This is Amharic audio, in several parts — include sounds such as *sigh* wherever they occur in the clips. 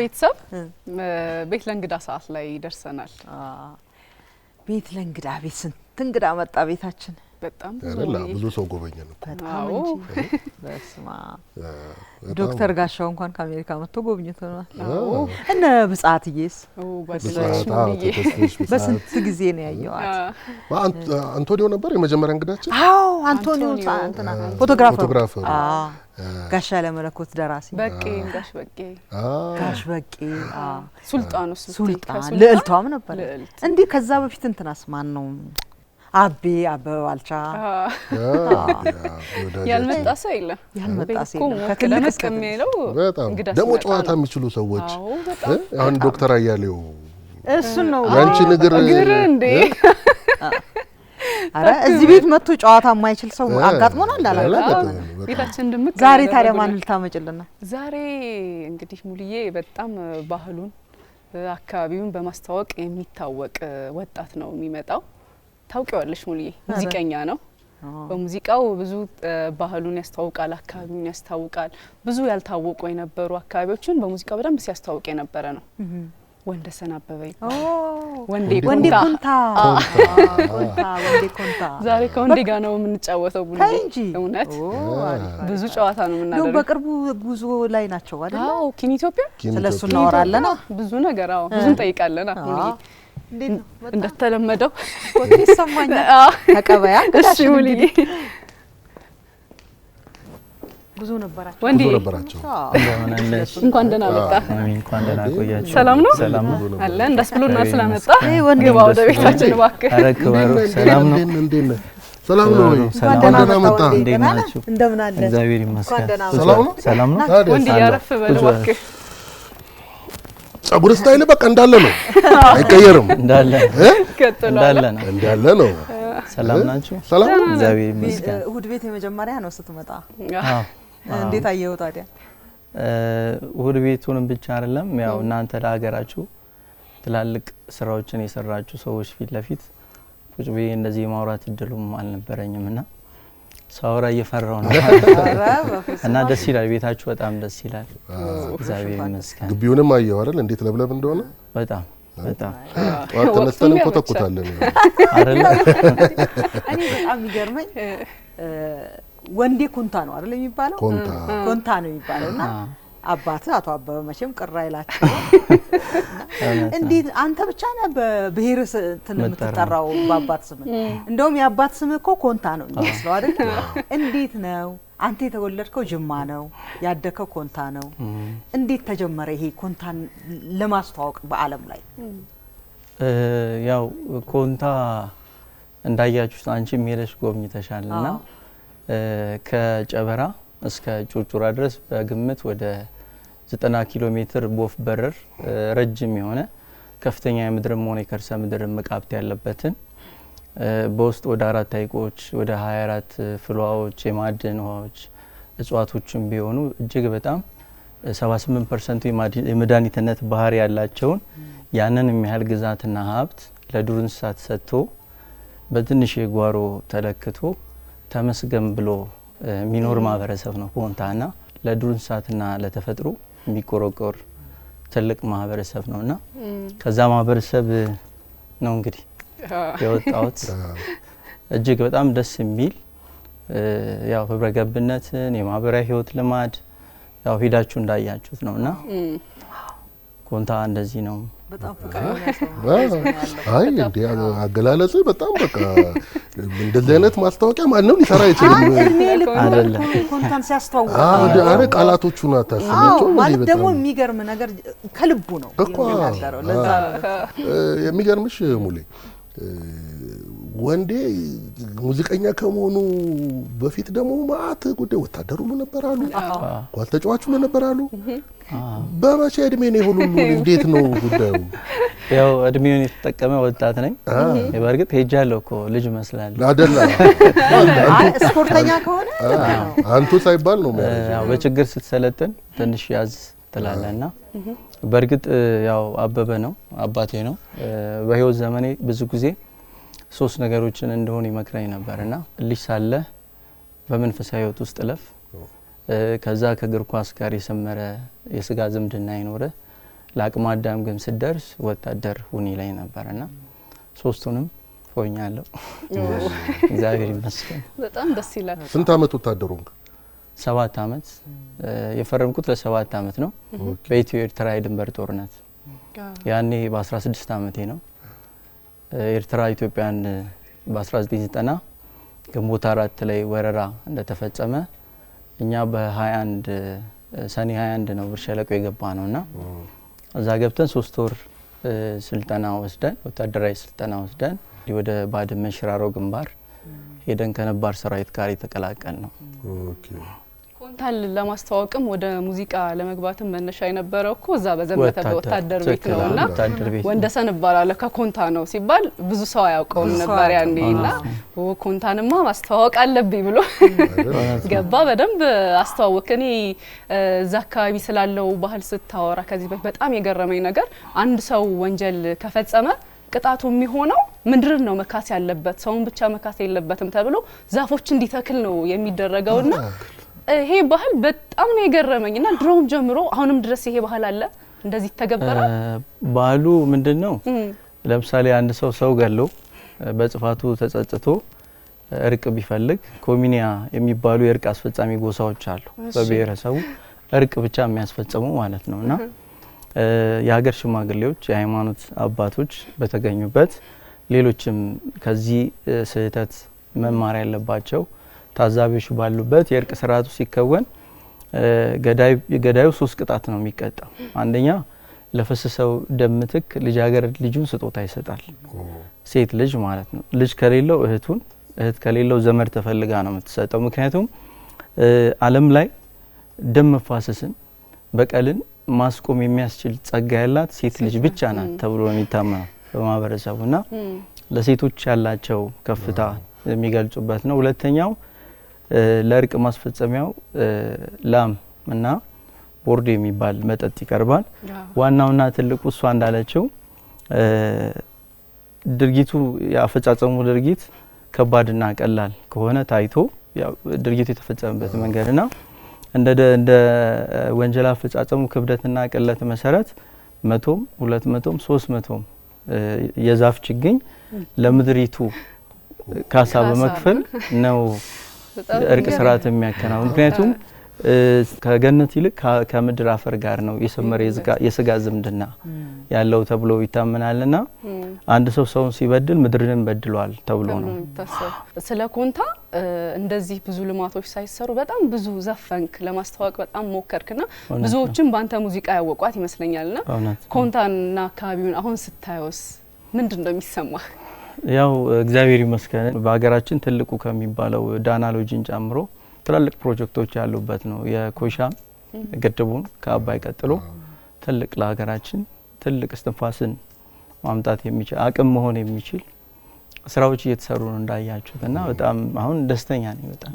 ቤተሰብ ቤት ለእንግዳ ሰዓት ላይ ደርሰናል። ቤት ለእንግዳ ቤት ስንት እንግዳ መጣ ቤታችን። በጣም ብዙ ሰው ጎበኘን እኮ ዶክተር ጋሻው እንኳን ከአሜሪካ መጥቶ ጎብኝቶናል። እነ ብጻትዬስ በስንት ጊዜ ነው ያየዋት። አንቶኒዮ ነበር የመጀመሪያ እንግዳችን። አዎ አንቶኒዮ እንትና ፎቶግራፈሩ ጋሽ ያለመለኮት ደራሲ በቄ ጋሽ በቄ ጋሽ በቄ ሱልጣን ሱልጣን ልዕልቷም ነበር እንዲህ ከዛ በፊት እንትናስ ማን ነው አቢ አበበ ባልቻ ያልመጣ ሰው የለም። ያልመጣ ሰው የለም። ከትልቅ እስከሚለው በጣም ደግሞ ጨዋታ የሚችሉ ሰዎች አሁን ዶክተር አያሌው እሱ ነው ያንቺን ንግር እንዴ! አረ እዚህ ቤት መጥቶ ጨዋታ የማይችል ሰው አጋጥሞናል አላውቅም። ቤታችን ድምቅ። ዛሬ ታዲያ ማን ልታመጭልና? ዛሬ እንግዲህ ሙልዬ በጣም ባህሉን አካባቢውን በማስተዋወቅ የሚታወቅ ወጣት ነው የሚመጣው ታውቂዋለሽ፣ ሙሉዬ ሙዚቀኛ ነው። በሙዚቃው ብዙ ባህሉን ያስታውቃል፣ አካባቢውን ያስታውቃል። ብዙ ያልታወቁ የነበሩ አካባቢዎችን በሙዚቃ በደንብ ሲያስታውቅ የነበረ ነው። ወንደሰን አበበ ወንዴ ዛሬ ከወንዴ ጋር ነው የምንጫወተው። ቡ እንጂ እውነት ብዙ ጨዋታ ነው የምናደርገው። በቅርቡ ጉዞ ላይ ናቸው አይደል? ኪን ኢትዮጵያ ስለሱ እናወራለና ብዙ ነገር ብዙ እንጠይቃለና እንደተለመደው ይሰማኛል። ተቀበያ ብዙ ነበራቸው ወንዴ ነበራቸው። እንኳን ደህና መጣ። ሰላም ነው አለ እንዳስ ብሎና ስለመጣ ወንዴ ወደ ቤታችን እባክህ። ሰላም ነው ሰላም ነው ወይ? ደህና መጣ። እንደምን አለ? እግዚአብሔር ይመስገን። ሰላም ነው ሰላም ነው ወንዴ፣ ያረፍ እባክህ ጸጉር ስታይል በቃ እንዳለ ነው፣ አይቀየርም። እንዳለ ነው፣ እንዳለ ነው። ሰላም ናችሁ? ሰላም እግዚአብሔር ይመስገን። እሁድ ቤት የመጀመሪያ ነው ስትመጣ፣ እንዴት አየው ታዲያ? እሁድ ቤቱንም ብቻ አይደለም ያው እናንተ ለሀገራችሁ ትላልቅ ስራዎችን የሰራችሁ ሰዎች ፊት ለፊት ቁጭ ብዬ እንደዚህ የማውራት እድሉም አልነበረኝም እና ሳውራ እየፈራው ነው እና ደስ ይላል። ቤታችሁ በጣም ደስ ይላል። እግዚአብሔር ይመስገን። ግቢውንም አየሁ አይደል? እንዴት ለብለብ እንደሆነ በጣም በጣም ጠዋት ተነስተን እንኮተኩታለን አይደል? እኔ በጣም የሚገርመኝ ወንዴ ኮንታ ነው አይደል የሚባለው? ኮንታ ነው የሚባለው እና አባት አቶ አበበ መቼም ቅር አይላቸው። እንዴት አንተ ብቻ ነህ በብሄር ስትን የምትጠራው በአባት ስም? እንደውም የአባት ስም እኮ ኮንታ ነው የሚመስለው አይደል? እንዴት ነው አንተ የተወለድከው ጅማ ነው ያደከው ኮንታ ነው። እንዴት ተጀመረ ይሄ ኮንታን ለማስተዋወቅ በዓለም ላይ? ያው ኮንታ እንዳያችሁት አንቺ ሄደሽ ጎብኝተሻል እና ከጨበራ እስከ ጩርጩራ ድረስ በግምት ወደ 90 ኪሎ ሜትር ቦፍ በረር ረጅም የሆነ ከፍተኛ የምድርም ሆነ የከርሰ ምድር መቃብት ያለበትን በውስጥ ወደ አራት ሀይቆች ወደ 24 ፍሏዎች፣ የማዕድን ውሃዎች፣ እጽዋቶችም ቢሆኑ እጅግ በጣም 78 ፐርሰንቱ የመድኃኒትነት ባህሪ ያላቸውን ያንን የሚያህል ግዛትና ሀብት ለዱር እንስሳት ሰጥቶ በትንሽ የጓሮ ተለክቶ ተመስገን ብሎ የሚኖር ማህበረሰብ ነው ፖንታ ና ለዱር እንስሳትና ለተፈጥሮ የሚቆረቆር ትልቅ ማህበረሰብ ነው እና ከዛ ማህበረሰብ ነው እንግዲህ የወጣሁት። እጅግ በጣም ደስ የሚል ያው ህብረ ገብነትን የማህበራዊ ህይወት ልማድ ያው ሂዳችሁ እንዳያችሁት ነው እና ኮንታ እንደዚህ ነው። አይ እንዴ አገላለጽ በጣም በቃ እንደዚህ አይነት ማስታወቂያ ማንም ሊሰራ አይችልም። አረ ቃላቶቹን አታስባቸው። ማለት ደግሞ የሚገርም ነገር ከልቡ ነው የሚገርምሽ ሙሌ ወንዴ ሙዚቀኛ ከመሆኑ በፊት ደግሞ ማአት ጉዳይ ወታደሩም ነበር አሉ፣ ኳስ ተጫዋቹም ነበር አሉ። በመቼ እድሜ ነው ሁሉ? እንዴት ነው ጉዳዩ? ያው እድሜውን የተጠቀመ ወጣት ነኝ። በእርግጥ ሄጃለሁ እኮ ልጅ መስላል አደላ ስፖርተኛ ከሆነ አንቱ ሳይባል ነው በችግር ስትሰለጥን ትንሽ ያዝ ትላለና በእርግጥ ያው አበበ ነው አባቴ ነው። በህይወት ዘመኔ ብዙ ጊዜ ሶስት ነገሮችን እንደሆን ይመክረኝ ነበር እና ልጅ ሳለ በመንፈሳዊ ህይወት ውስጥ እለፍ፣ ከዛ ከእግር ኳስ ጋር የሰመረ የስጋ ዝምድና ይኖረ፣ ለአቅመ አዳም ግን ስደርስ ወታደር ሁን ይለኝ ነበር እና ሶስቱንም ሆኛለሁ። እግዚአብሔር ይመስገን። በጣም ደስ ይላል። ስንት አመት ወታደሩ? ሰባት አመት የፈረምኩት ለሰባት አመት ነው። በኢትዮ ኤርትራ የድንበር ጦርነት ያኔ በ ስድስት አመቴ ነው ኤርትራ ኢትዮጵያን በ1990 ግንቦት አራት ላይ ወረራ እንደተፈጸመ እኛ በ21 ሰኔ 21 ነው ብር ሸለቆ የገባ ነው እና እዛ ገብተን ሶስት ወር ስልጠና ወስደን ወታደራዊ ስልጠና ወስደን ወደ ባድመ ሽራሮ ግንባር ሄደን ከነባር ሰራዊት ጋር የተቀላቀል ነው። ሆለንታል ለማስተዋወቅም ወደ ሙዚቃ ለመግባትም መነሻ የነበረው እኮ እዛ በዘመተ በወታደር ቤት ነው እና ወንደሰን እባላለሁ ከኮንታ ነው ሲባል ብዙ ሰው አያውቀውም ነበር ያኔ እና ኮንታንማ ማስተዋወቅ አለብኝ ብሎ ገባ። በደንብ አስተዋወቅ። እኔ እዛ አካባቢ ስላለው ባህል ስታወራ ከዚህ በፊት በጣም የገረመኝ ነገር አንድ ሰው ወንጀል ከፈጸመ ቅጣቱ የሚሆነው ምድርን ነው መካስ ያለበት፣ ሰውን ብቻ መካስ የለበትም ተብሎ ዛፎች እንዲተክል ነው የሚደረገውና ይሄ ባህል በጣም ነው የገረመኝ እና ድሮም ጀምሮ አሁንም ድረስ ይሄ ባህል አለ እንደዚህ ይተገበራል። ባህሉ ምንድን ነው? ለምሳሌ አንድ ሰው ሰው ገሎ በጽፋቱ ተጸጽቶ እርቅ ቢፈልግ ኮሚኒያ የሚባሉ የእርቅ አስፈጻሚ ጎሳዎች አሉ። በብሔረሰቡ እርቅ ብቻ የሚያስፈጽሙ ማለት ነው እና የሀገር ሽማግሌዎች፣ የሃይማኖት አባቶች በተገኙበት ሌሎችም ከዚህ ስህተት መማር ያለባቸው ታዛቢዎች ባሉበት የእርቅ ስርዓቱ ሲከወን ገዳዩ ሶስት ቅጣት ነው የሚቀጣው። አንደኛ ለፈሰሰው ደም ምትክ ልጃገረድ ልጁን ስጦታ ይሰጣል። ሴት ልጅ ማለት ነው። ልጅ ከሌለው እህቱን፣ እህት ከሌለው ዘመድ ተፈልጋ ነው የምትሰጠው። ምክንያቱም ዓለም ላይ ደም መፋሰስን፣ በቀልን ማስቆም የሚያስችል ጸጋ ያላት ሴት ልጅ ብቻ ናት ተብሎ የሚታመነው በማህበረሰቡ ለሴቶች ያላቸው ከፍታ የሚገልጹበት ነው። ሁለተኛው ለእርቅ ማስፈጸሚያው ላም እና ቦርዶ የሚባል መጠጥ ይቀርባል። ዋናውና ትልቁ እሷ እንዳለችው ድርጊቱ የአፈጻጸሙ ድርጊት ከባድና ቀላል ከሆነ ታይቶ ድርጊቱ የተፈጸመበት መንገድና እንደ ወንጀል አፈጻጸሙ ክብደትና ቅለት መሰረት መቶም ሁለት መቶም ሶስት መቶም የዛፍ ችግኝ ለምድሪቱ ካሳ በመክፈል ነው እርቅ ስርዓት የሚያከናውን ምክንያቱም ከገነት ይልቅ ከምድር አፈር ጋር ነው የሰመረ የስጋ ዝምድና ያለው ተብሎ ይታመናልና አንድ ሰው ሰውን ሲበድል ምድርን በድሏል ተብሎ ነው። ስለ ኮንታ እንደዚህ ብዙ ልማቶች ሳይሰሩ በጣም ብዙ ዘፈንክ፣ ለማስተዋወቅ በጣም ሞከርክና ብዙዎችም በአንተ ሙዚቃ ያወቋት ይመስለኛልና ኮንታና አካባቢውን አሁን ስታየውስ ምንድን ነው የሚሰማህ? ያው እግዚአብሔር ይመስገን በሀገራችን ትልቁ ከሚባለው ዳናሎጂን ጨምሮ ትላልቅ ፕሮጀክቶች ያሉበት ነው። የኮይሻ ግድቡን ከአባይ ቀጥሎ ትልቅ ለሀገራችን ትልቅ እስትንፋስን ማምጣት የሚችል አቅም መሆን የሚችል ስራዎች እየተሰሩ ነው እንዳያችሁት እና በጣም አሁን ደስተኛ ነኝ። በጣም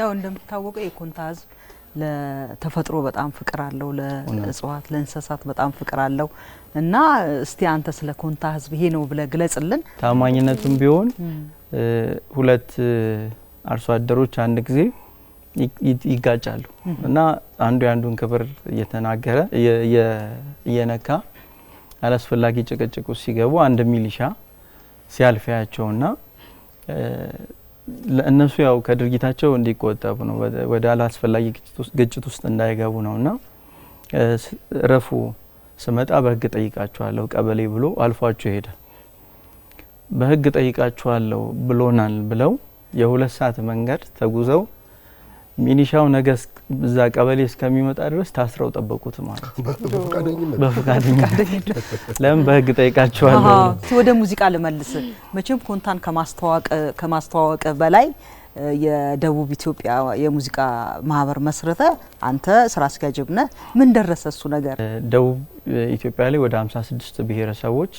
ያው እንደምታወቀው የኮንታ ህዝብ ለተፈጥሮ በጣም ፍቅር አለው፣ ለእጽዋት ለእንስሳት በጣም ፍቅር አለው እና እስቲ አንተ ስለ ኮንታ ህዝብ ይሄ ነው ብለህ ግለጽልን። ታማኝነቱም ቢሆን ሁለት አርሶ አደሮች አንድ ጊዜ ይጋጫሉ እና አንዱ የአንዱን ክብር እየተናገረ እየነካ አላስፈላጊ ጭቅጭቁ ሲገቡ አንድ ሚሊሻ ሲያልፍ ያቸውና እነሱ ያው ከድርጊታቸው እንዲቆጠቡ ነው፣ ወደ አላስፈላጊ ግጭት ውስጥ እንዳይገቡ ነው እና ረፉ ስመጣ በህግ ጠይቃችኋለሁ ቀበሌ ብሎ አልፏቸው ይሄዳል። በህግ ጠይቃችኋለሁ ብሎናል ብለው የሁለት ሰዓት መንገድ ተጉዘው ሚኒሻው ነገ እዛ ቀበሌ እስከሚመጣ ድረስ ታስረው ጠበቁት ማለት በፈቃደኝነት ለምን በህግ ጠይቃቸዋለሁ። ወደ ሙዚቃ ልመልስ። መቼም ኮንታን ከማስተዋወቅ በላይ የደቡብ ኢትዮጵያ የሙዚቃ ማህበር መስረተ አንተ ስራ አስኪያጅም ነህ። ምን ደረሰ እሱ ነገር? ደቡብ ኢትዮጵያ ላይ ወደ 56 ብሔረሰቦች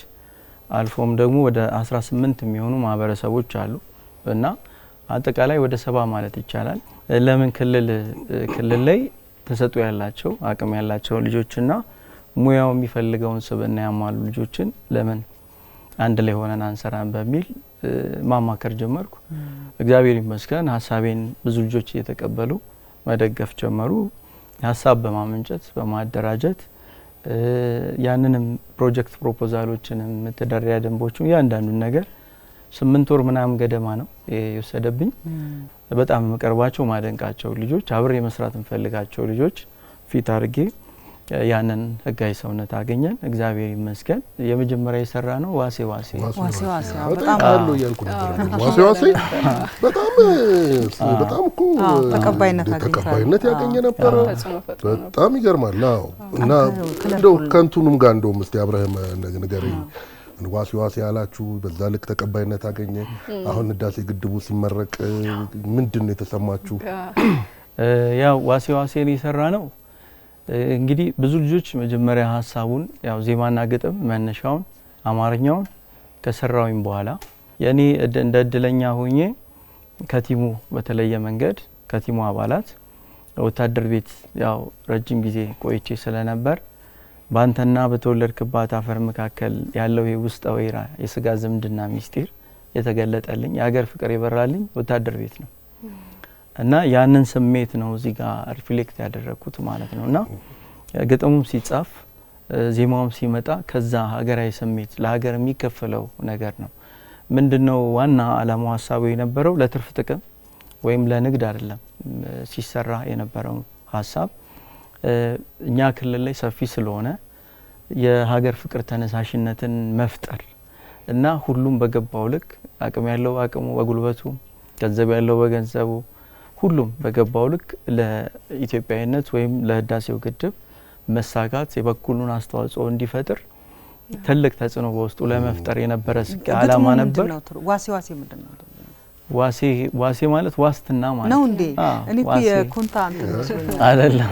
አልፎም ደግሞ ወደ 18 የሚሆኑ ማህበረሰቦች አሉ እና አጠቃላይ ወደ ሰባ ማለት ይቻላል። ለምን ክልል ክልል ላይ ተሰጥኦ ያላቸው አቅም ያላቸው ልጆችና ሙያው የሚፈልገውን ስብዕና ያሟሉ ልጆችን ለምን አንድ ላይ ሆነን አንሰራን በሚል ማማከር ጀመርኩ። እግዚአብሔር ይመስገን ሀሳቤን ብዙ ልጆች እየተቀበሉ መደገፍ ጀመሩ። ሀሳብ በማመንጨት በማደራጀት ያንንም ፕሮጀክት ፕሮፖዛሎችንም መተዳደሪያ ደንቦቹ እያንዳንዱን ነገር ስምንት ወር ምናምን ገደማ ነው የወሰደብኝ። በጣም የምቀርባቸው ማደንቃቸው ልጆች፣ አብሬ መስራት የምፈልጋቸው ልጆች ፊት አድርጌ ያንን ህጋዊ ሰውነት አገኘን። እግዚአብሔር ይመስገን። የመጀመሪያ የሰራ ነው ዋሴ ዋሴ ዋሴ ዋሴ በጣም በጣም እኮ ተቀባይነት ያገኘ ነበረ። በጣም ይገርማል። እና እንደው ከንቱንም ጋር እንደውም እስቲ አብረህም ነገር ዋሴ ዋሴ አላችሁ በዛ ልክ ተቀባይነት አገኘ። አሁን ህዳሴ ግድቡ ሲመረቅ ምንድን ነው የተሰማችሁ? ያው ዋሴ ዋሴን የሰራ ነው እንግዲህ ብዙ ልጆች መጀመሪያ ሀሳቡን ያው ዜማና ግጥም መነሻውን አማርኛውን ከሰራውኝ በኋላ የእኔ እንደ እድለኛ ሆኜ ከቲሙ በተለየ መንገድ ከቲሙ አባላት ወታደር ቤት ያው ረጅም ጊዜ ቆይቼ ስለነበር በአንተና በተወለድክባት አፈር መካከል ያለው የውስጠ ወይራ የስጋ ዝምድና ሚስጢር የተገለጠልኝ የሀገር ፍቅር የበራልኝ ወታደር ቤት ነው እና ያንን ስሜት ነው እዚህ ጋር ሪፍሌክት ያደረግኩት ማለት ነው እና ግጥሙም ሲጻፍ ዜማውም ሲመጣ ከዛ ሀገራዊ ስሜት ለሀገር የሚከፈለው ነገር ነው። ምንድን ነው ዋና አላማው ሀሳቡ የነበረው ለትርፍ ጥቅም ወይም ለንግድ አይደለም ሲሰራ የነበረው ሀሳብ እኛ ክልል ላይ ሰፊ ስለሆነ የሀገር ፍቅር ተነሳሽነትን መፍጠር እና ሁሉም በገባው ልክ አቅም ያለው አቅሙ በጉልበቱ ገንዘብ ያለው በገንዘቡ ሁሉም በገባው ልክ ለኢትዮጵያዊነት ወይም ለህዳሴው ግድብ መሳካት የበኩሉን አስተዋጽኦ እንዲፈጥር ትልቅ ተጽዕኖ በውስጡ ለመፍጠር የነበረ አላማ ነበር። ዋሴ ዋሴ ምንድን ነው? ዋሴ ዋሴ ማለት ዋስትና ማለት ነው እንዴ? እኔ እኮ የኮንታ አይደለም።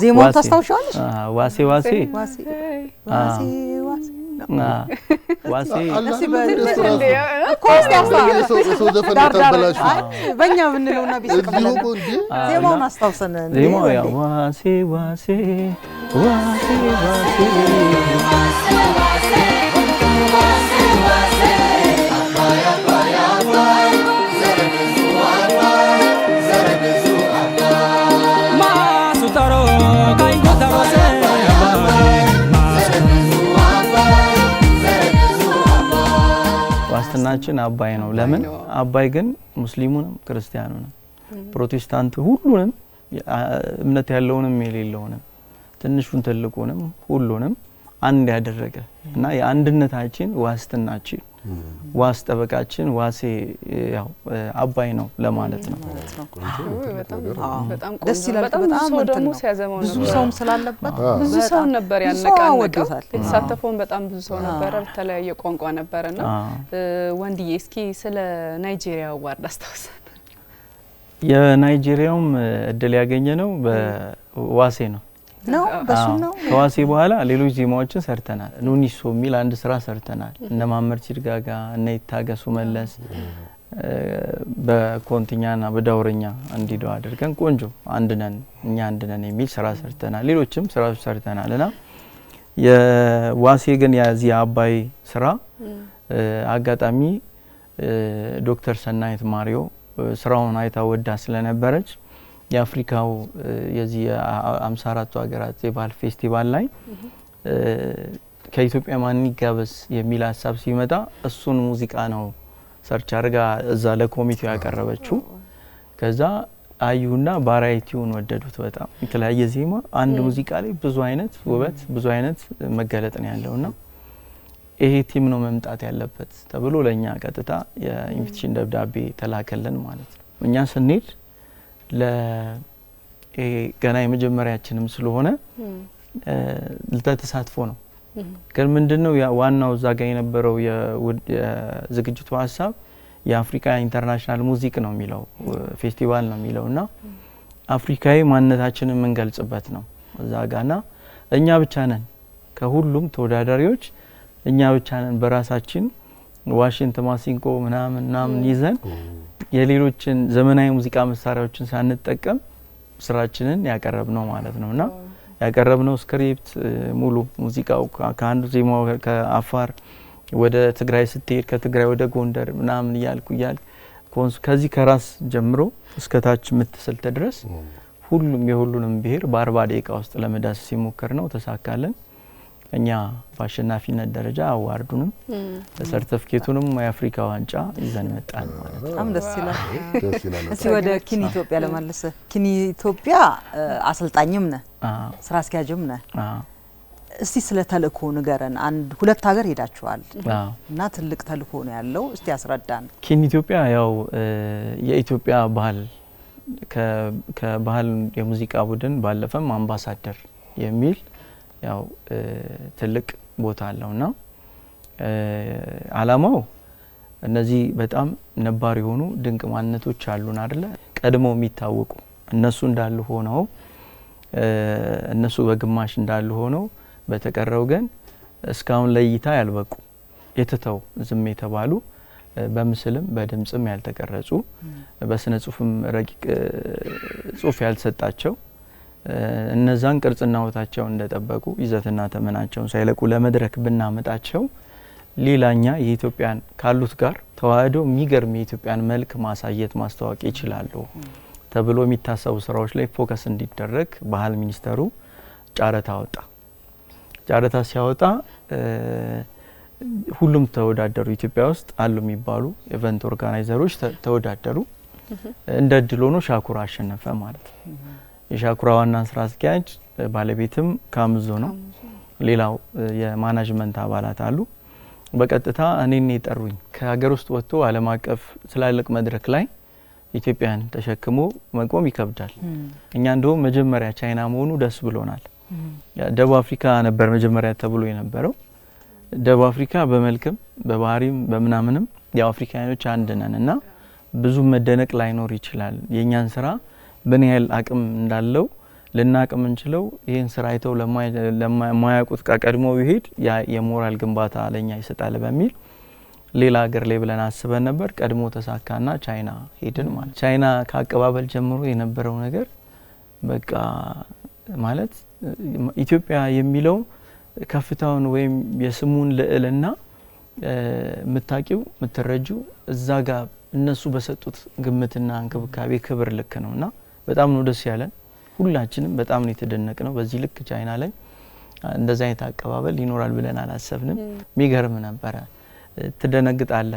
ዜማውን ታስታውሻለሽ? ዋሴ ዋሴ ዋሴ በእኛ ብንለውና ዜማውን አስታውሰን ዜማው ያው ዋሴ ዋሴ ዋሴ ዋሴ ዋስትናችን አባይ ነው። ለምን አባይ ግን ሙስሊሙንም ክርስቲያኑንም ፕሮቴስታንት ሁሉንም እምነት ያለውንም የሌለውንም ትንሹን ትልቁንም ሁሉንም አንድ ያደረገ እና የአንድነታችን ዋስትናችን ዋስ ጠበቃችን ዋሴ ያው አባይ ነው ለማለት ነው። ደስ ይላል። በጣም ደግሞ ሲያዘመው ብዙ ሰውም ስላለበት ብዙ ሰው ነበር ያነቃነቀው። የተሳተፈውን በጣም ብዙ ሰው ነበረ፣ በተለያየ ቋንቋ ነበረና ወንድዬ እስኪ ስለ ናይጄሪያ አዋርድ የናይጄሪያውም እድል ያገኘ ነው በዋሴ ነው ነው በሱ ነው። ከዋሴ በኋላ ሌሎች ዜማዎችን ሰርተናል። ኑኒሶ የሚል አንድ ስራ ሰርተናል። እነ ማመር ቺድጋጋ እነ ይታገሱ መለስ በኮንትኛና በዳውረኛ እንዲደው አድርገን ቆንጆ አንድነን እኛ አንድነን የሚል ስራ ሰርተናል። ሌሎችም ስራ ሰርተናል እና የዋሴ ግን የዚህ አባይ ስራ አጋጣሚ ዶክተር ሰናይት ማሪዮ ስራውን አይታ ወዳ ስለነበረች የአፍሪካው የዚህ የአምሳ አራቱ ሀገራት የባህል ፌስቲቫል ላይ ከኢትዮጵያ ማን ይጋበዝ የሚል ሀሳብ ሲመጣ እሱን ሙዚቃ ነው ሰርች አድርጋ እዛ ለኮሚቴው ያቀረበችው። ከዛ አዩና ቫራይቲውን ወደዱት በጣም የተለያየ ዜማ አንድ ሙዚቃ ላይ ብዙ አይነት ውበት ብዙ አይነት መገለጥ ነው ና ይሄ ቲም ነው መምጣት ያለበት ተብሎ ለእኛ ቀጥታ የኢንቪቴሽን ደብዳቤ ተላከልን ማለት ነው። እኛ ስንሄድ ገና የመጀመሪያችንም ስለሆነ ለተሳትፎ ነው። ግን ምንድን ነው ዋናው እዛ ጋ የነበረው የዝግጅቱ ሀሳብ የአፍሪካ ኢንተርናሽናል ሙዚክ ነው የሚለው ፌስቲቫል ነው የሚለው እና አፍሪካዊ ማንነታችንን የምንገልጽበት ነው እዛ ጋና እኛ ብቻ ነን ከሁሉም ተወዳዳሪዎች እኛ ብቻ ነን በራሳችን ዋሽንት ማሲንቆ ምናምን ምናምን ይዘን የሌሎችን ዘመናዊ ሙዚቃ መሳሪያዎችን ሳንጠቀም ስራችንን ያቀረብ ነው ማለት ነው እና ነው ስክሪፕት ሙሉ ሙዚቃው ከአንዱ ዜማው ከአፋር ወደ ትግራይ ስትሄድ ከትግራይ ወደ ጎንደር ምናምን እያልኩ እያልክ ከዚህ ከራስ ጀምሮ እስከ ታች ምትስልት ድረስ ሁሉም የሁሉንም ብሄር በአርባ ደቂቃ ውስጥ ለመዳሰስ ሲሞከር ነው። ተሳካለን። እኛ በአሸናፊነት ደረጃ አዋርዱንም ሰርተፍኬቱንም የአፍሪካ ዋንጫ ይዘን መጣን ማለት ነው። በጣም ደስ ይላል። እስቲ ወደ ኪን ኢትዮጵያ ለመለሰ ኪን ኢትዮጵያ አሰልጣኝም ነ ስራ አስኪያጅም ነ እስቲ ስለ ተልእኮ ንገረን። አንድ ሁለት ሀገር ሄዳችኋል እና ትልቅ ተልእኮ ነው ያለው። እስቲ ያስረዳን። ኪን ኢትዮጵያ ያው የኢትዮጵያ ባህል ከባህል የሙዚቃ ቡድን ባለፈም አምባሳደር የሚል ያው ትልቅ ቦታ አለው ና አላማው እነዚህ በጣም ነባር የሆኑ ድንቅ ማንነቶች አሉን አደለ ቀድመው የሚታወቁ እነሱ እንዳሉ ሆነው እነሱ በግማሽ እንዳሉ ሆነው በተቀረው ግን እስካሁን ለእይታ ያልበቁ የትተው ዝም የተባሉ በምስልም በድምፅም ያልተቀረጹ በስነ ጽሁፍም ረቂቅ ጽሁፍ ያልተሰጣቸው እነዛን ቅርጽና ውበታቸውን እንደጠበቁ ይዘትና ተመናቸውን ሳይለቁ ለመድረክ ብናመጣቸው ሌላኛ የኢትዮጵያን ካሉት ጋር ተዋህዶ የሚገርም የኢትዮጵያን መልክ ማሳየት ማስተዋወቅ ይችላሉ ተብሎ የሚታሰቡ ስራዎች ላይ ፎከስ እንዲደረግ ባህል ሚኒስቴሩ ጨረታ አወጣ። ጨረታ ሲያወጣ ሁሉም ተወዳደሩ። ኢትዮጵያ ውስጥ አሉ የሚባሉ ኢቨንት ኦርጋናይዘሮች ተወዳደሩ። እንደ እድል ሆኖ ሻኩራ አሸነፈ ማለት ነው። የሻኩራ ዋና ስራ አስኪያጅ ባለቤትም ካምዞ ነው። ሌላው የማናጅመንት አባላት አሉ። በቀጥታ እኔን የጠሩኝ ከሀገር ውስጥ ወጥቶ ዓለም አቀፍ ትላልቅ መድረክ ላይ ኢትዮጵያን ተሸክሞ መቆም ይከብዳል። እኛ እንደውም መጀመሪያ ቻይና መሆኑ ደስ ብሎናል። ደቡብ አፍሪካ ነበር መጀመሪያ ተብሎ የነበረው። ደቡብ አፍሪካ በመልክም በባህሪም በምናምንም የአፍሪካኖች አንድ ነን እና ብዙ መደነቅ ላይኖር ይችላል የእኛን ስራ ምን ያህል አቅም እንዳለው ልናቅ የምንችለው ይህን ስራ አይተው ለማያውቁት ቃ ቀድሞ ይሄድ የሞራል ግንባታ ለኛ ይሰጣል በሚል ሌላ ሀገር ላይ ብለን አስበን ነበር። ቀድሞ ተሳካና ቻይና ሄድን። ማለት ቻይና ከአቀባበል ጀምሮ የነበረው ነገር በቃ ማለት ኢትዮጵያ የሚለው ከፍታውን ወይም የስሙን ልዕልና የምታቂው የምትረጁ እዛ ጋር እነሱ በሰጡት ግምትና እንክብካቤ ክብር ልክ ነውና በጣም ነው ደስ ያለን። ሁላችንም በጣም ነው የተደነቅ ነው። በዚህ ልክ ቻይና ላይ እንደዚህ አይነት አቀባበል ይኖራል ብለን አላሰብንም። ሚገርም ነበረ። ትደነግጣለ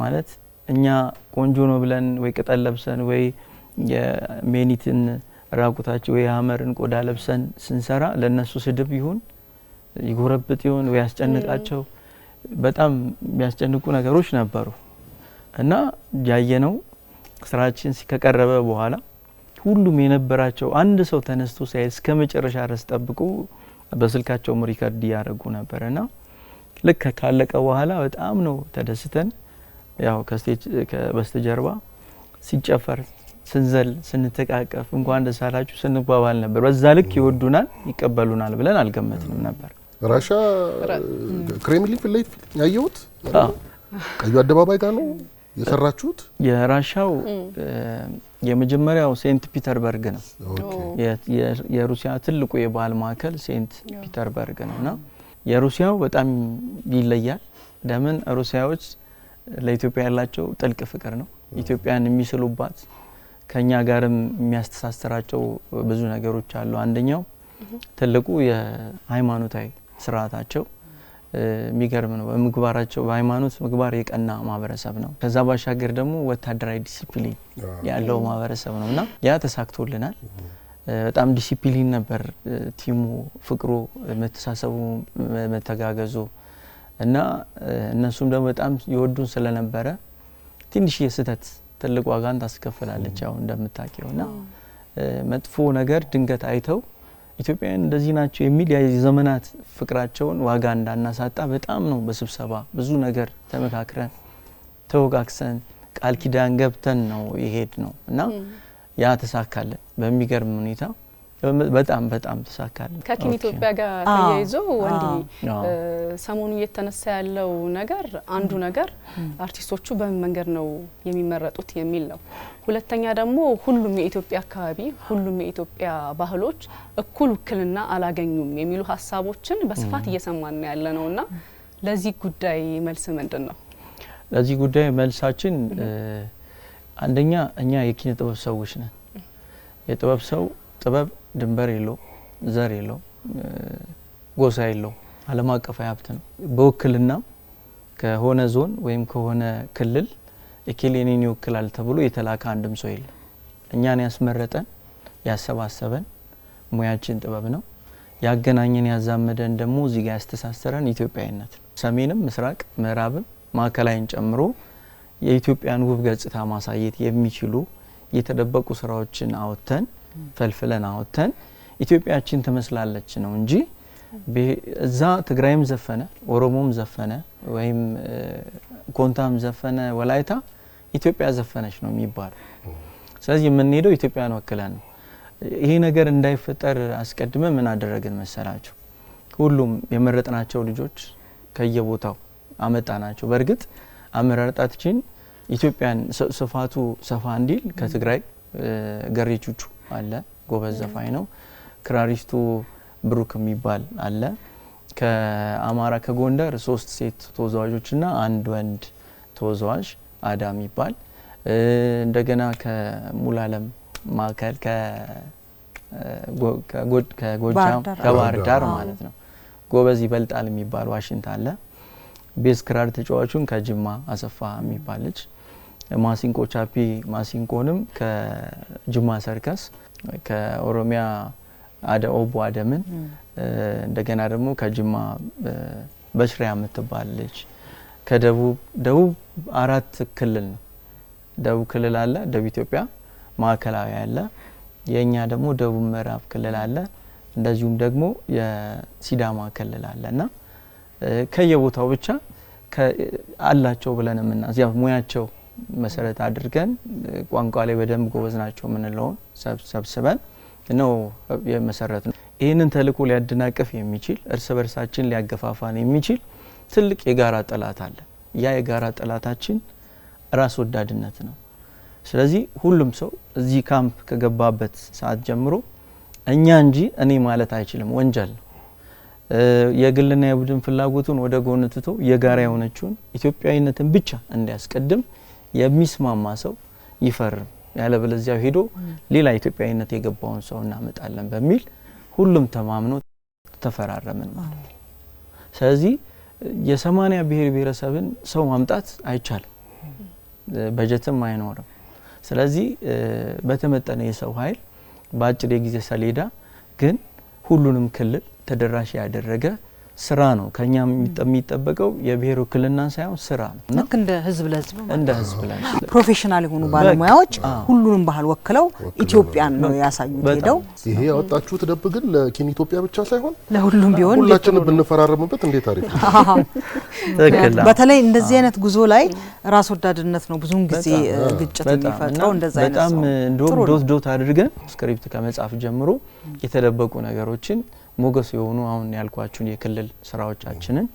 ማለት እኛ ቆንጆ ነው ብለን ወይ ቅጠል ለብሰን ወይ የሜኒትን ራቁታቸው ወይ የሀመርን ቆዳ ለብሰን ስንሰራ ለእነሱ ስድብ ይሁን ይጎረብጥ ይሁን ወይ ያስጨንቃቸው በጣም የሚያስጨንቁ ነገሮች ነበሩ እና ያየነው ስራችን ከቀረበ በኋላ ሁሉም የነበራቸው አንድ ሰው ተነስቶ ሳይል እስከ መጨረሻ ድረስ ጠብቆ በስልካቸውም ሪከርድ እያደረጉ ነበረ ና ልክ ካለቀ በኋላ በጣም ነው ተደስተን ያው በስተጀርባ ሲጨፈር ስንዘል ስንተቃቀፍ እንኳን ደስ አላችሁ ስንባባል ነበር። በዛ ልክ ይወዱናል ይቀበሉናል ብለን አልገመትንም ነበር። ራሻ ክሬምሊን ፊት ያየሁት ቀዩ አደባባይ ጋር ነው የሰራችሁት የራሻው የመጀመሪያው ሴንት ፒተርበርግ ነው። የሩሲያ ትልቁ የባህል ማዕከል ሴንት ፒተርበርግ ነው እና የሩሲያው በጣም ይለያል። ለምን ሩሲያዎች ለኢትዮጵያ ያላቸው ጥልቅ ፍቅር ነው። ኢትዮጵያን የሚስሉባት ከኛ ጋርም የሚያስተሳስራቸው ብዙ ነገሮች አሉ። አንደኛው ትልቁ የሃይማኖታዊ ስርዓታቸው የሚገርም ነው። በምግባራቸው በሃይማኖት ምግባር የቀና ማህበረሰብ ነው። ከዛ ባሻገር ደግሞ ወታደራዊ ዲሲፕሊን ያለው ማህበረሰብ ነው እና ያ ተሳክቶልናል። በጣም ዲሲፕሊን ነበር ቲሙ፣ ፍቅሩ፣ መተሳሰቡ፣ መተጋገዙ እና እነሱም ደግሞ በጣም የወዱን ስለነበረ ትንሽ የስህተት ትልቅ ዋጋን ታስከፍላለች። ያው እንደምታውቂው እና መጥፎ ነገር ድንገት አይተው ኢትዮጵያውያን እንደዚህ ናቸው የሚል የዘመናት ፍቅራቸውን ዋጋ እንዳናሳጣ በጣም ነው በስብሰባ ብዙ ነገር ተመካክረን ተወጋግሰን ቃል ኪዳን ገብተን ነው የሄድ ነው እና ያ ተሳካለን በሚገርም ሁኔታ በጣም በጣም ተሳካል። ከኪን ኢትዮጵያ ጋር ተያይዞ ወንዲ ሰሞኑ እየተነሳ ያለው ነገር አንዱ ነገር አርቲስቶቹ በምን መንገድ ነው የሚመረጡት የሚል ነው። ሁለተኛ ደግሞ ሁሉም የኢትዮጵያ አካባቢ ሁሉም የኢትዮጵያ ባህሎች እኩል ውክልና አላገኙም የሚሉ ሀሳቦችን በስፋት እየሰማን ያለ ነው እና ለዚህ ጉዳይ መልስ ምንድን ነው? ለዚህ ጉዳይ መልሳችን አንደኛ እኛ የኪነ ጥበብ ሰዎች ነን። የጥበብ ሰው ጥበብ ድንበር የለው፣ ዘር የለው፣ ጎሳ የለው፣ ዓለም አቀፋዊ ሀብት ነው። በውክልና ከሆነ ዞን ወይም ከሆነ ክልል እኬሌ ይወክላል ተብሎ የተላከ አንድም ሰው የለም። እኛን ያስመረጠን ያሰባሰበን ሙያችን ጥበብ ነው። ያገናኘን ያዛመደን ደግሞ እዚህ ጋር ያስተሳሰረን ኢትዮጵያዊነት ነው። ሰሜንም ምስራቅ ምዕራብም ማዕከላይን ጨምሮ የኢትዮጵያን ውብ ገጽታ ማሳየት የሚችሉ የተደበቁ ስራዎችን አወጥተን ፈልፍለን አወጥተን ኢትዮጵያችን ትመስላለች ነው እንጂ እዛ ትግራይም ዘፈነ፣ ኦሮሞም ዘፈነ፣ ወይም ኮንታም ዘፈነ፣ ወላይታ ኢትዮጵያ ዘፈነች ነው የሚባለው። ስለዚህ የምንሄደው ኢትዮጵያን ወክለን ነው። ይሄ ነገር እንዳይፈጠር አስቀድመ ምን አደረግን መሰላችሁ? ሁሉም የመረጥናቸው ልጆች ከየቦታው አመጣ ናቸው። በእርግጥ አመራረጣችን ኢትዮጵያን ስፋቱ ሰፋ እንዲል ከትግራይ ገሬቹቹ አለ፣ ጎበዝ ዘፋኝ ነው። ክራሪስቱ ብሩክ የሚባል አለ። ከአማራ ከጎንደር ሶስት ሴት ተወዛዋዦችና አንድ ወንድ ተወዛዋዥ አዳ የሚባል እንደገና ከሙላለም ማዕከል ከጎጃም ከባህር ዳር ማለት ነው ጎበዝ ይበልጣል የሚባል ዋሽንት አለ። ቤዝ ክራር ተጫዋቹን ከጅማ አሰፋ የሚባል ልጅ ማሲንቆ ቻፒ ማሲንቆንም ከጅማ ሰርከስ ከኦሮሚያ አደ ኦቦ አደምን እንደገና ደግሞ ከጅማ በሽሪያ የምትባል ልጅ ከደቡብ ደቡብ አራት ክልል ነው። ደቡብ ክልል አለ፣ ደቡብ ኢትዮጵያ ማዕከላዊ አለ፣ የእኛ ደግሞ ደቡብ ምዕራብ ክልል አለ፣ እንደዚሁም ደግሞ የሲዳማ ክልል አለ እና ከየቦታው ብቻ አላቸው ብለን የምናዝ ያው ሙያቸው መሰረት አድርገን ቋንቋ ላይ በደንብ ጎበዝ ናቸው የምንለውን ሰብስበን ነው የመሰረት ነው። ይህንን ተልእኮ ሊያደናቅፍ የሚችል እርስ በርሳችን ሊያገፋፋን የሚችል ትልቅ የጋራ ጠላት አለ። ያ የጋራ ጠላታችን ራስ ወዳድነት ነው። ስለዚህ ሁሉም ሰው እዚህ ካምፕ ከገባበት ሰዓት ጀምሮ እኛ እንጂ እኔ ማለት አይችልም። ወንጀል ነው። የግልና የቡድን ፍላጎቱን ወደ ጎን ትቶ የጋራ የሆነችውን ኢትዮጵያዊነትን ብቻ እንዲያስቀድም የሚስማማ ሰው ይፈርም፣ በለዚያው ሄዶ ሌላ ኢትዮጵያዊነት የገባውን ሰው እናመጣለን በሚል ሁሉም ተማምኖ ተፈራረምን ማለት ነው። ስለዚህ የሰማኒያ ብሔር ብሔረሰብን ሰው ማምጣት አይቻልም፣ በጀትም አይኖርም። ስለዚህ በተመጠነ የሰው ኃይል በአጭር የጊዜ ሰሌዳ ግን ሁሉንም ክልል ተደራሽ ያደረገ ስራ ነው። ከኛ የሚጠበቀው የብሔር ውክልናን ሳይሆን ስራ ነው። ልክ እንደ ህዝብ ለህዝብ እንደ ህዝብ ለህዝብ ፕሮፌሽናል የሆኑ ባለሙያዎች ሁሉንም ባህል ወክለው ኢትዮጵያን ነው ያሳዩት ሄደው። ይሄ ያወጣችሁት ደንብ ግን ለኪን ኢትዮጵያ ብቻ ሳይሆን ለሁሉም ቢሆን ሁላችንም ብንፈራረምበት እንዴት አሪፍ በተለይ እንደዚህ አይነት ጉዞ ላይ ራስ ወዳድነት ነው ብዙውን ጊዜ ግጭት የሚፈጥረው። እንደዛ አይነት በጣም እንደውም ዶት ዶት አድርገን ስክሪፕት ከመጻፍ ጀምሮ የተደበቁ ነገሮችን ሞገስ የሆኑ አሁን ያልኳችሁን የክልል ስራዎቻችንን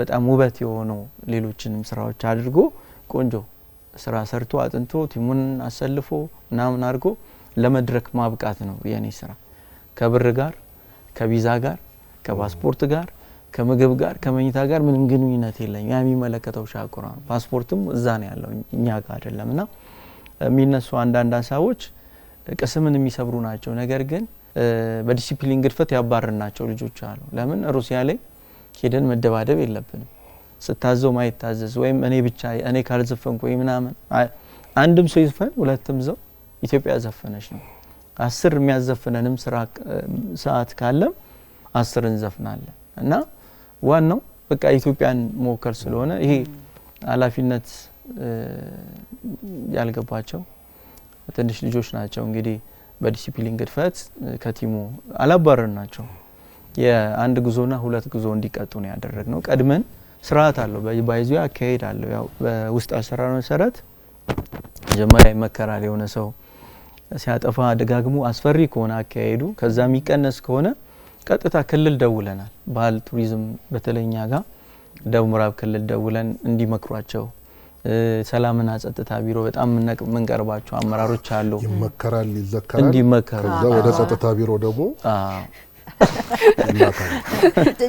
በጣም ውበት የሆኑ ሌሎችንም ስራዎች አድርጎ ቆንጆ ስራ ሰርቶ አጥንቶ ቲሙን አሰልፎ ምናምን አድርጎ ለመድረክ ማብቃት ነው የእኔ ስራ። ከብር ጋር ከቪዛ ጋር ከፓስፖርት ጋር ከምግብ ጋር ከመኝታ ጋር ምንም ግንኙነት የለኝ። ያ የሚመለከተው ሻኩራ ነው። ፓስፖርትም እዛ ነው ያለው እኛ ጋር አይደለም። እና የሚነሱ አንዳንድ ሀሳቦች ቅስምን የሚሰብሩ ናቸው። ነገር ግን በዲሲፕሊን ግድፈት ያባረርናቸው ልጆች አሉ። ለምን ሩሲያ ላይ ሄደን መደባደብ የለብንም ስታዘው ማይታዘዝ ወይም እኔ ብቻ እኔ ካልዘፈንኩ ምናምን አንድም ሰው ይዘፈን ሁለትም ዘው ኢትዮጵያ ዘፈነች ነው። አስር የሚያዘፍነንም ስራ ሰዓት ካለም አስር እንዘፍናለን እና ዋናው በቃ ኢትዮጵያን መወከል ስለሆነ ይሄ ኃላፊነት ያልገባቸው ትንሽ ልጆች ናቸው እንግዲህ በዲሲፕሊን ግድፈት ከቲሙ አላባረን ናቸው። የአንድ ጉዞና ሁለት ጉዞ እንዲቀጡ ነው ያደረግ ነው። ቀድመን ስርዓት አለው ባይዙ አካሄድ አለው። ያው በውስጥ አሰራር መሰረት መጀመሪያ ይመከራል። የሆነ ሰው ሲያጠፋ ደጋግሞ አስፈሪ ከሆነ አካሄዱ ከዛ የሚቀነስ ከሆነ ቀጥታ ክልል ደውለናል። ባህል ቱሪዝም በተለይ እኛ ጋር ደቡብ ምዕራብ ክልል ደውለን እንዲመክሯቸው ሰላምና ጸጥታ ቢሮ በጣም የምንቀርባቸው አመራሮች አሉ። ይመከራል፣ ይዘከራል፣ እንዲመከሩ ከዛ ወደ ጸጥታ ቢሮ ደግሞ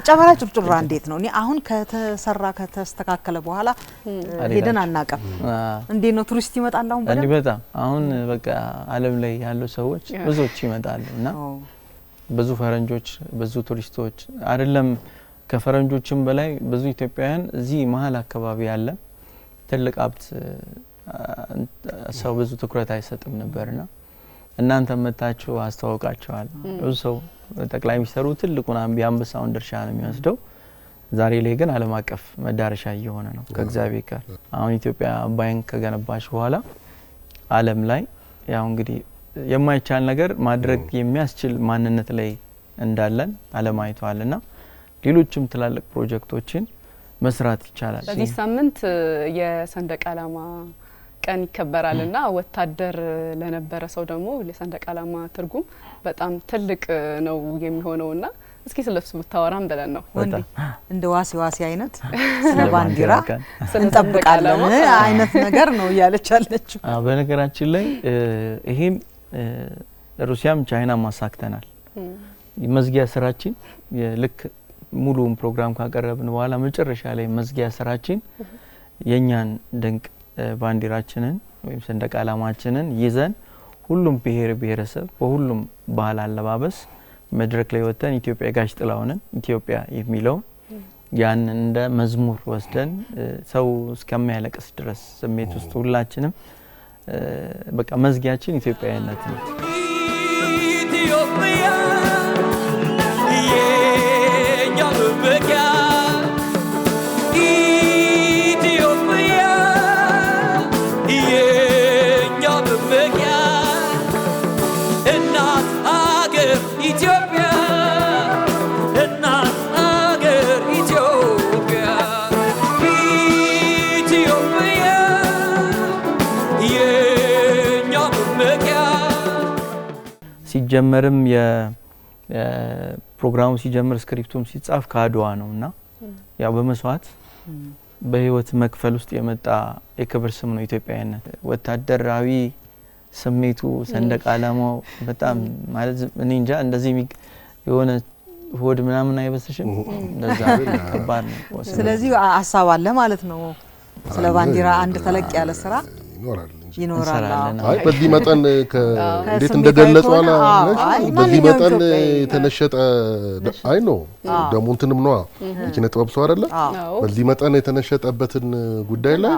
ጨበራ ጭርጭራ እንዴት ነው? እኔ አሁን ከተሰራ ከተስተካከለ በኋላ ሄደን አናውቅም። እንዴት ነው ቱሪስት ይመጣል? አሁን በደምብ በጣም አሁን በቃ ዓለም ላይ ያሉ ሰዎች ብዙዎች ይመጣሉ እና ብዙ ፈረንጆች፣ ብዙ ቱሪስቶች አይደለም ከፈረንጆችም በላይ ብዙ ኢትዮጵያውያን እዚህ መሀል አካባቢ ያለን ትልቅ ሀብት ሰው ብዙ ትኩረት አይሰጥም ነበርና እናንተ መታችሁ አስተዋውቃቸዋል ብዙ ሰው ጠቅላይ ሚኒስተሩ ትልቁን የአንበሳውን ድርሻ ነው የሚወስደው። ዛሬ ላይ ግን ዓለም አቀፍ መዳረሻ እየሆነ ነው ከእግዚአብሔር ጋር። አሁን ኢትዮጵያ አባይን ከገነባች በኋላ ዓለም ላይ ያው እንግዲህ የማይቻል ነገር ማድረግ የሚያስችል ማንነት ላይ እንዳለን ዓለም አይተዋልና ሌሎችም ትላልቅ ፕሮጀክቶችን መስራት ይቻላል። በዚህ ሳምንት የሰንደቅ ዓላማ ቀን ይከበራል እና ወታደር ለነበረ ሰው ደግሞ የሰንደቅ ዓላማ ትርጉም በጣም ትልቅ ነው የሚሆነው እና እስኪ ስለሱ ብታወራም ብለን ነው እንደ ዋሲ ዋሲ አይነት *laughs* ስለ ባንዲራ እንጠብቃለን አይነት ነገር ነው እያለች አለችው። በነገራችን ላይ ይሄም ሩሲያም ቻይናም አሳክተናል። መዝጊያ ስራችን ልክ ሙሉውን ፕሮግራም ካቀረብን በኋላ መጨረሻ ላይ መዝጊያ ስራችን የእኛን ድንቅ ባንዲራችንን ወይም ሰንደቅ ዓላማችንን ይዘን ሁሉም ብሔር ብሄረሰብ በሁሉም ባህል አለባበስ መድረክ ላይ ወጥተን ኢትዮጵያ ጋሽ ጥላሁንን ኢትዮጵያ የሚለውን ያን እንደ መዝሙር ወስደን ሰው እስከሚያለቅስ ድረስ ስሜት ውስጥ ሁላችንም በቃ መዝጊያችን ኢትዮጵያዊነት ነው። ሲጀመርም የፕሮግራሙ ሲጀምር ስክሪፕቱም ሲጻፍ ከአድዋ ነው እና ያው በመስዋዕት በህይወት መክፈል ውስጥ የመጣ የክብር ስም ነው ኢትዮጵያዊነት። ወታደራዊ ስሜቱ ሰንደቅ ዓላማው በጣም ማለት እኔ እንጃ እንደዚህ የሆነ ሆድ ምናምን አይበስሽም። እንደዛ ከባድ ነው። ስለዚህ ሀሳብ አለ ማለት ነው። ስለ ባንዲራ አንድ ተለቅ ያለ ስራ ይኖራል እንጂ ይኖራል። በዚህ መጠን እንዴት እንደገለጹ አላ በዚህ መጠን የተነሸጠ አይ ነው ደሞ እንትንም ነዋ የኪነ ጥበብ ሰው አይደለ። በዚህ መጠን የተነሸጠበትን ጉዳይ ላይ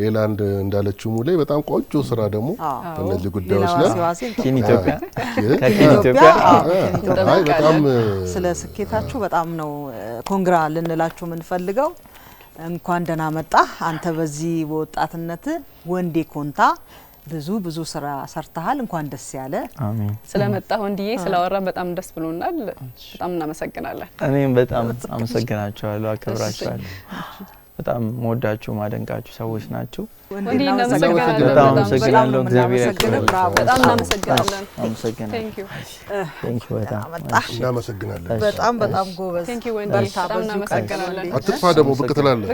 ሌላ አንድ እንዳለችው ሙሌ በጣም ቆንጆ ስራ ደግሞ በእነዚህ ጉዳዮች ላይ በጣም ስለ ስኬታችሁ በጣም ነው ኮንግራ ልንላችሁ የምንፈልገው። እንኳን ደህና መጣ። አንተ በዚህ በወጣትነት ወንዴ ኮንታ ብዙ ብዙ ስራ ሰርተሃል። እንኳን ደስ ያለ። ስለመጣ ወንድዬ፣ ስላወራን በጣም ደስ ብሎናል። በጣም እናመሰግናለን። እኔም በጣም አመሰግናቸዋለሁ፣ አከብራቸዋለሁ። በጣም መወዳችሁ ማደንቃችሁ ሰዎች ናቸው። በጣም አመሰግናለሁ። እግዚአብሔር በጣም እናመሰግናለን። በጣም በጣም ጎበዝ። አትጥፋ ደግሞ ብቅ ትላለህ።